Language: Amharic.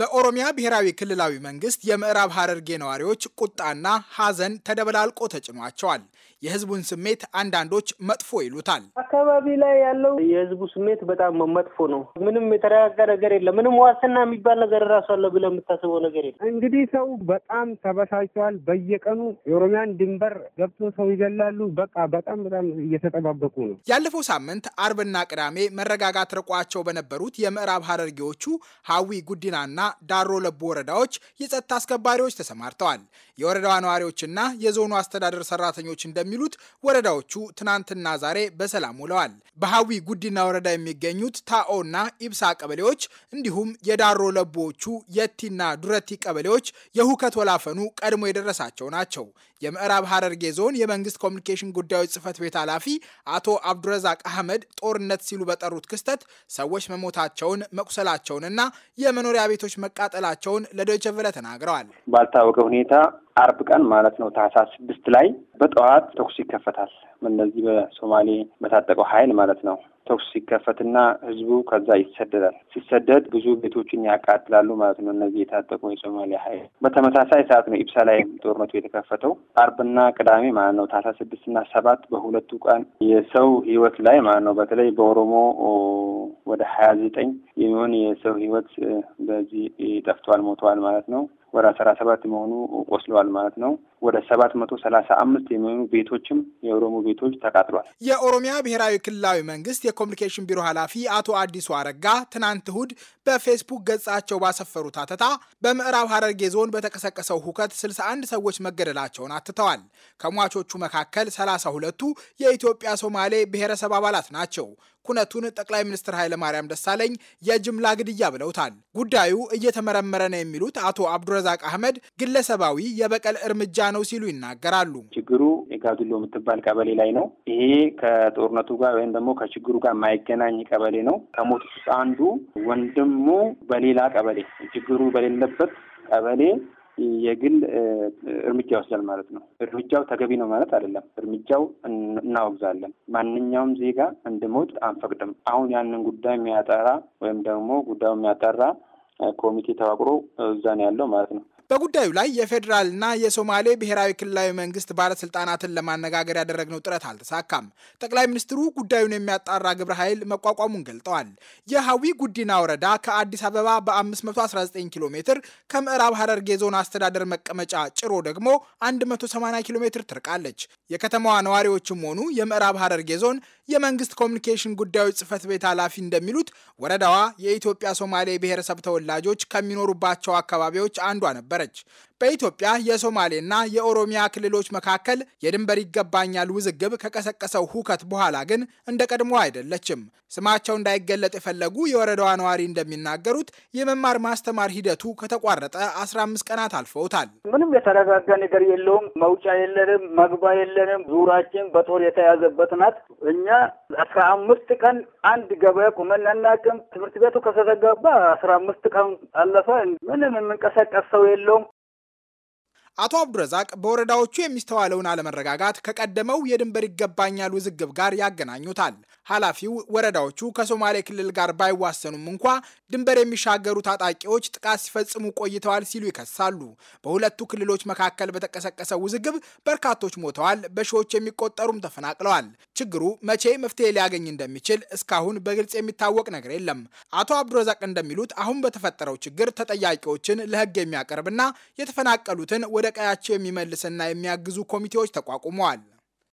በኦሮሚያ ብሔራዊ ክልላዊ መንግስት የምዕራብ ሀረርጌ ነዋሪዎች ቁጣና ሐዘን ተደበላልቆ ተጭኗቸዋል። የህዝቡን ስሜት አንዳንዶች መጥፎ ይሉታል። አካባቢ ላይ ያለው የህዝቡ ስሜት በጣም መጥፎ ነው። ምንም የተረጋጋ ነገር የለም። ምንም ዋስትና የሚባል ነገር እራሱ አለ ብለ የምታስበው ነገር የለም። እንግዲህ ሰው በጣም ተበሳጭተዋል። በየቀኑ የኦሮሚያን ድንበር ገብቶ ሰው ይገላሉ። በቃ በጣም በጣም እየተጠባበቁ ነው። ያለፈው ሳምንት አርብና ቅዳሜ መረጋጋት ርቋቸው በነበሩት የምዕራብ ሀረርጌዎቹ ሀዊ ጉዲናና ዳሮ ለቡ ወረዳዎች የጸጥታ አስከባሪዎች ተሰማርተዋል። የወረዳዋ ነዋሪዎችና የዞኑ አስተዳደር ሰራተኞች እንደሚ የሚሉት ወረዳዎቹ ትናንትና ዛሬ በሰላም ውለዋል። በሀዊ ጉዲና ወረዳ የሚገኙት ታኦና ኢብሳ ቀበሌዎች እንዲሁም የዳሮ ለቦዎቹ የቲና ዱረቲ ቀበሌዎች የሁከት ወላፈኑ ቀድሞ የደረሳቸው ናቸው። የምዕራብ ሐረርጌ ዞን የመንግስት ኮሚኒኬሽን ጉዳዮች ጽህፈት ቤት ኃላፊ አቶ አብዱረዛቅ አህመድ ጦርነት ሲሉ በጠሩት ክስተት ሰዎች መሞታቸውን መቁሰላቸውንና የመኖሪያ ቤቶች መቃጠላቸውን ለዶይቸ ቬለ ተናግረዋል። ባልታወቀ ሁኔታ አርብ ቀን ማለት ነው ታህሳስ ስድስት ላይ በጠዋት ተኩስ ይከፈታል። እነዚህ በሶማሌ በታጠቀው ኃይል ማለት ነው። ተኩስ ሲከፈትና ህዝቡ ከዛ ይሰደዳል። ሲሰደድ ብዙ ቤቶችን ያቃጥላሉ ማለት ነው እነዚህ የታጠቁ የሶማሌ ኃይል። በተመሳሳይ ሰዓት ነው ኢብሳ ላይ ጦርነቱ የተከፈተው አርብና ቅዳሜ ማለት ነው ታህሳስ እና ሰባት በሁለቱ ቀን የሰው ህይወት ላይ ማለት ነው በተለይ በኦሮሞ ወደ ሀያ ዘጠኝ የሚሆን የሰው ህይወት በዚህ ጠፍቷል፣ ሞተዋል ማለት ነው። ወደ አስራ ሰባት መሆኑ ቆስለዋል ማለት ነው። ወደ ሰባት መቶ ሰላሳ አምስት የሚሆኑ ቤቶችም የኦሮሞ ቤቶች ተቃጥሏል። የኦሮሚያ ብሔራዊ ክልላዊ መንግስት የኮሚኒኬሽን ቢሮ ኃላፊ አቶ አዲሱ አረጋ ትናንት እሁድ በፌስቡክ ገጻቸው ባሰፈሩት አተታ በምዕራብ ሐረርጌ ዞን በተቀሰቀሰው ሁከት 61 ሰዎች መገደላቸውን አትተዋል። ከሟቾቹ መካከል 32ቱ የኢትዮጵያ ሶማሌ ብሔረሰብ አባላት ናቸው። ኩነቱን ጠቅላይ ሚኒስትር ኃይለማርያም ደሳለኝ የጅምላ ግድያ ብለውታል። ጉዳዩ እየተመረመረ ነው የሚሉት አቶ አብዱረዛቅ አህመድ ግለሰባዊ የበቀል እርምጃ ነው ሲሉ ይናገራሉ። ችግሩ የጋዱሎ የምትባል ቀበሌ ላይ ነው። ይሄ ከጦርነቱ ጋር ወይም ደግሞ ከችግሩ ጋር የማይገናኝ ቀበሌ ነው። ከሞቱት ውስጥ አንዱ ወንድሙ በሌላ ቀበሌ ችግሩ በሌለበት ቀበሌ የግል እርምጃ ይወስዳል ማለት ነው። እርምጃው ተገቢ ነው ማለት አይደለም። እርምጃው እናወግዛለን። ማንኛውም ዜጋ እንድሞት አንፈቅድም። አሁን ያንን ጉዳይ የሚያጠራ ወይም ደግሞ ጉዳዩ የሚያጠራ ኮሚቴ ተዋቅሮ እዛ ነው ያለው ማለት ነው። በጉዳዩ ላይ የፌዴራልና የሶማሌ ብሔራዊ ክልላዊ መንግስት ባለስልጣናትን ለማነጋገር ያደረግነው ጥረት አልተሳካም። ጠቅላይ ሚኒስትሩ ጉዳዩን የሚያጣራ ግብረ ኃይል መቋቋሙን ገልጠዋል። የሀዊ ጉዲና ወረዳ ከአዲስ አበባ በ519 ኪሎ ሜትር ከምዕራብ ሐረርጌ ዞን አስተዳደር መቀመጫ ጭሮ ደግሞ 180 ኪሎ ሜትር ትርቃለች። የከተማዋ ነዋሪዎችም ሆኑ የምዕራብ ሐረርጌ ዞን የመንግስት ኮሚኒኬሽን ጉዳዮች ጽህፈት ቤት ኃላፊ እንደሚሉት ወረዳዋ የኢትዮጵያ ሶማሌ ብሔረሰብ ተወላጆች ከሚኖሩባቸው አካባቢዎች አንዷ ነበር ነበረች። በኢትዮጵያ የሶማሌና የኦሮሚያ ክልሎች መካከል የድንበር ይገባኛል ውዝግብ ከቀሰቀሰው ሁከት በኋላ ግን እንደ ቀድሞ አይደለችም። ስማቸው እንዳይገለጥ የፈለጉ የወረዳዋ ነዋሪ እንደሚናገሩት የመማር ማስተማር ሂደቱ ከተቋረጠ 15 ቀናት አልፈውታል። ምንም የተረጋጋ ነገር የለውም። መውጫ የለንም፣ መግባ የለንም። ዙራችን በጦር የተያዘበት ናት። እኛ አስራ አምስት ቀን አንድ ገበያ ቁመን አናውቅም። ትምህርት ቤቱ ከተዘጋባ አስራ አምስት ቀን አለፈ። ምንም የምንቀሳቀስ ሰው የለ የለውም። አቶ አብዱረዛቅ በወረዳዎቹ የሚስተዋለውን አለመረጋጋት ከቀደመው የድንበር ይገባኛል ውዝግብ ጋር ያገናኙታል። ኃላፊው ወረዳዎቹ ከሶማሌ ክልል ጋር ባይዋሰኑም እንኳ ድንበር የሚሻገሩ ታጣቂዎች ጥቃት ሲፈጽሙ ቆይተዋል ሲሉ ይከሳሉ። በሁለቱ ክልሎች መካከል በተቀሰቀሰ ውዝግብ በርካቶች ሞተዋል፣ በሺዎች የሚቆጠሩም ተፈናቅለዋል። ችግሩ መቼ መፍትሄ ሊያገኝ እንደሚችል እስካሁን በግልጽ የሚታወቅ ነገር የለም። አቶ አብዱረዛቅ እንደሚሉት አሁን በተፈጠረው ችግር ተጠያቂዎችን ለህግ የሚያቀርብና የተፈናቀሉትን ወደ ቀያቸው የሚመልስና የሚያግዙ ኮሚቴዎች ተቋቁመዋል።